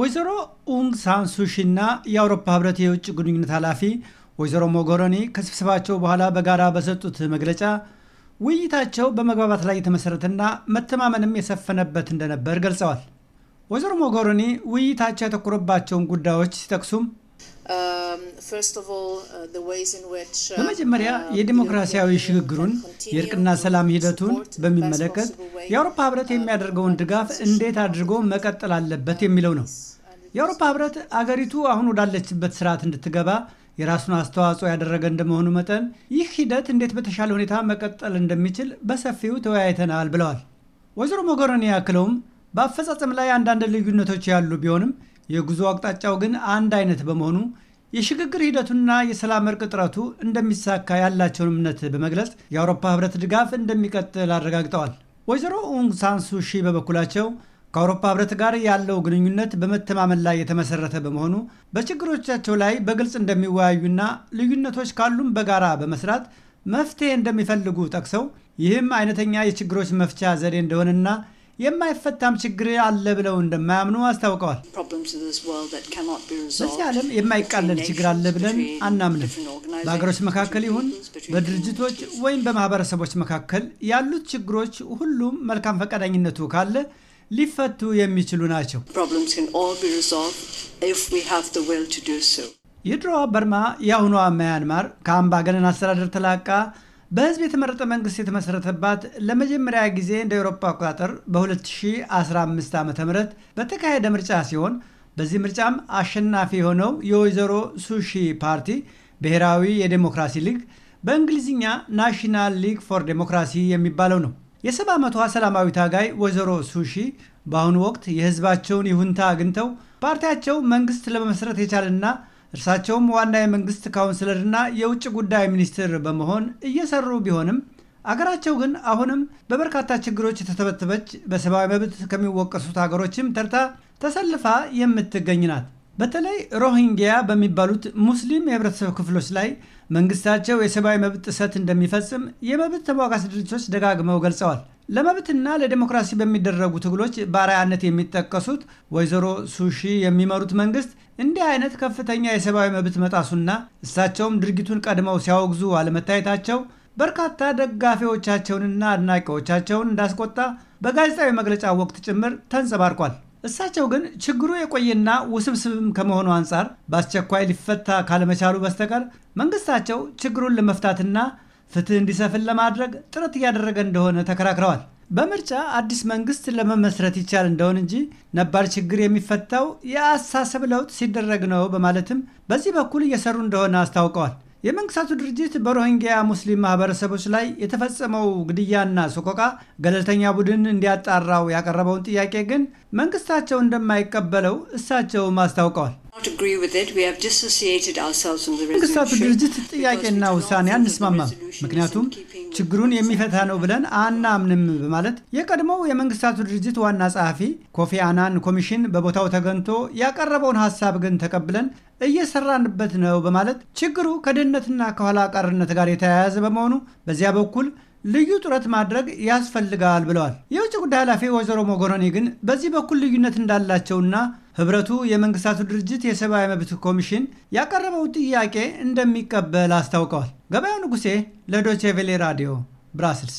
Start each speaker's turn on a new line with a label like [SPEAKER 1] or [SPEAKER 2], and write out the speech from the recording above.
[SPEAKER 1] ወይዘሮ ኡንግ ሳንሱሺ እና የአውሮፓ ህብረት የውጭ ግንኙነት ኃላፊ ወይዘሮ ሞጎሮኒ ከስብሰባቸው በኋላ በጋራ በሰጡት መግለጫ ውይይታቸው በመግባባት ላይ የተመሰረተና መተማመንም የሰፈነበት እንደነበር ገልጸዋል። ወይዘሮ ሞጎሮኒ ውይይታቸው ያተኮረባቸውን ጉዳዮች ሲጠቅሱም um, uh, uh, በመጀመሪያ የዲሞክራሲያዊ uh, ሽግግሩን የእርቅና ሰላም ሂደቱን በሚመለከት የአውሮፓ ህብረት የሚያደርገውን ድጋፍ እንዴት አድርጎ መቀጠል አለበት የሚለው ነው። የአውሮፓ ህብረት አገሪቱ አሁን ወዳለችበት ስርዓት እንድትገባ የራሱን አስተዋጽኦ ያደረገ እንደመሆኑ መጠን ይህ ሂደት እንዴት በተሻለ ሁኔታ መቀጠል እንደሚችል በሰፊው ተወያይተናል ብለዋል ወይዘሮ ሞገሪኒ። ያክለውም በአፈጻጸም ላይ አንዳንድ ልዩነቶች ያሉ ቢሆንም የጉዞ አቅጣጫው ግን አንድ አይነት በመሆኑ የሽግግር ሂደቱና የሰላም እርቅ ጥረቱ እንደሚሳካ ያላቸውን እምነት በመግለጽ የአውሮፓ ህብረት ድጋፍ እንደሚቀጥል አረጋግጠዋል። ወይዘሮ ኦንግሳን ሺ በበኩላቸው ከአውሮፓ ህብረት ጋር ያለው ግንኙነት በመተማመን ላይ የተመሰረተ በመሆኑ በችግሮቻቸው ላይ በግልጽ እንደሚወያዩና ልዩነቶች ካሉም በጋራ በመስራት መፍትሄ እንደሚፈልጉ ጠቅሰው ይህም አይነተኛ የችግሮች መፍቻ ዘዴ እንደሆነና የማይፈታም ችግር አለ ብለው እንደማያምኑ አስታውቀዋል። በዚህ ዓለም የማይቃለል ችግር አለ ብለን አናምንም። በሀገሮች መካከል ይሁን በድርጅቶች ወይም በማህበረሰቦች መካከል ያሉት ችግሮች ሁሉም መልካም ፈቃደኝነቱ ካለ ሊፈቱ የሚችሉ ናቸው። የድሮዋ በርማ የአሁኗ መያንማር ከአምባገነን አስተዳደር ተላቃ በህዝብ የተመረጠ መንግስት የተመሰረተባት ለመጀመሪያ ጊዜ እንደ ኤሮፓ አቆጣጠር በ2015 ዓ ም በተካሄደ ምርጫ ሲሆን በዚህ ምርጫም አሸናፊ የሆነው የወይዘሮ ሱሺ ፓርቲ ብሔራዊ የዴሞክራሲ ሊግ በእንግሊዝኛ ናሽናል ሊግ ፎር ዴሞክራሲ የሚባለው ነው። የሰባ ዓመቷ ሰላማዊ ታጋይ ወይዘሮ ሱሺ በአሁኑ ወቅት የህዝባቸውን ይሁንታ አግኝተው ፓርቲያቸው መንግስት ለመመስረት የቻለና እርሳቸውም ዋና የመንግስት ካውንስለርና የውጭ ጉዳይ ሚኒስትር በመሆን እየሰሩ ቢሆንም አገራቸው ግን አሁንም በበርካታ ችግሮች የተተበተበች በሰብአዊ መብት ከሚወቀሱት ሀገሮችም ተርታ ተሰልፋ የምትገኝ ናት። በተለይ ሮሂንግያ በሚባሉት ሙስሊም የህብረተሰብ ክፍሎች ላይ መንግስታቸው የሰብአዊ መብት ጥሰት እንደሚፈጽም የመብት ተሟጋች ድርጅቶች ደጋግመው ገልጸዋል። ለመብትና ለዲሞክራሲ በሚደረጉ ትግሎች በአርአያነት የሚጠቀሱት ወይዘሮ ሱሺ የሚመሩት መንግስት እንዲህ አይነት ከፍተኛ የሰብአዊ መብት መጣሱና እሳቸውም ድርጊቱን ቀድመው ሲያወግዙ አለመታየታቸው በርካታ ደጋፊዎቻቸውንና አድናቂዎቻቸውን እንዳስቆጣ በጋዜጣዊ መግለጫ ወቅት ጭምር ተንጸባርቋል። እሳቸው ግን ችግሩ የቆየና ውስብስብም ከመሆኑ አንጻር በአስቸኳይ ሊፈታ ካለመቻሉ በስተቀር መንግስታቸው ችግሩን ለመፍታትና ፍትህ እንዲሰፍን ለማድረግ ጥረት እያደረገ እንደሆነ ተከራክረዋል። በምርጫ አዲስ መንግስት ለመመስረት ይቻል እንደሆን እንጂ ነባር ችግር የሚፈታው የአስተሳሰብ ለውጥ ሲደረግ ነው በማለትም በዚህ በኩል እየሰሩ እንደሆነ አስታውቀዋል። የመንግስታቱ ድርጅት በሮሂንግያ ሙስሊም ማህበረሰቦች ላይ የተፈጸመው ግድያና ሰቆቃ ገለልተኛ ቡድን እንዲያጣራው ያቀረበውን ጥያቄ ግን መንግስታቸው እንደማይቀበለው እሳቸው አስታውቀዋል። መንግስታቱ ድርጅት ጥያቄና ውሳኔ አንስማማም፣ ምክንያቱም ችግሩን የሚፈታ ነው ብለን አናምንም በማለት የቀድሞው የመንግስታቱ ድርጅት ዋና ጸሐፊ ኮፊ አናን ኮሚሽን በቦታው ተገንቶ ያቀረበውን ሀሳብ ግን ተቀብለን እየሰራንበት ነው በማለት ችግሩ ከድህነትና ከኋላ ቀርነት ጋር የተያያዘ በመሆኑ በዚያ በኩል ልዩ ጥረት ማድረግ ያስፈልጋል ብለዋል። የውጭ ጉዳይ ኃላፊ ወይዘሮ ሞጎሮኒ ግን በዚህ በኩል ልዩነት እንዳላቸውና ህብረቱ የመንግስታቱ ድርጅት የሰብአዊ መብት ኮሚሽን ያቀረበው ጥያቄ እንደሚቀበል አስታውቀዋል። ገበያው ንጉሴ ለዶቼቬሌ ቬሌ ራዲዮ ብራስልስ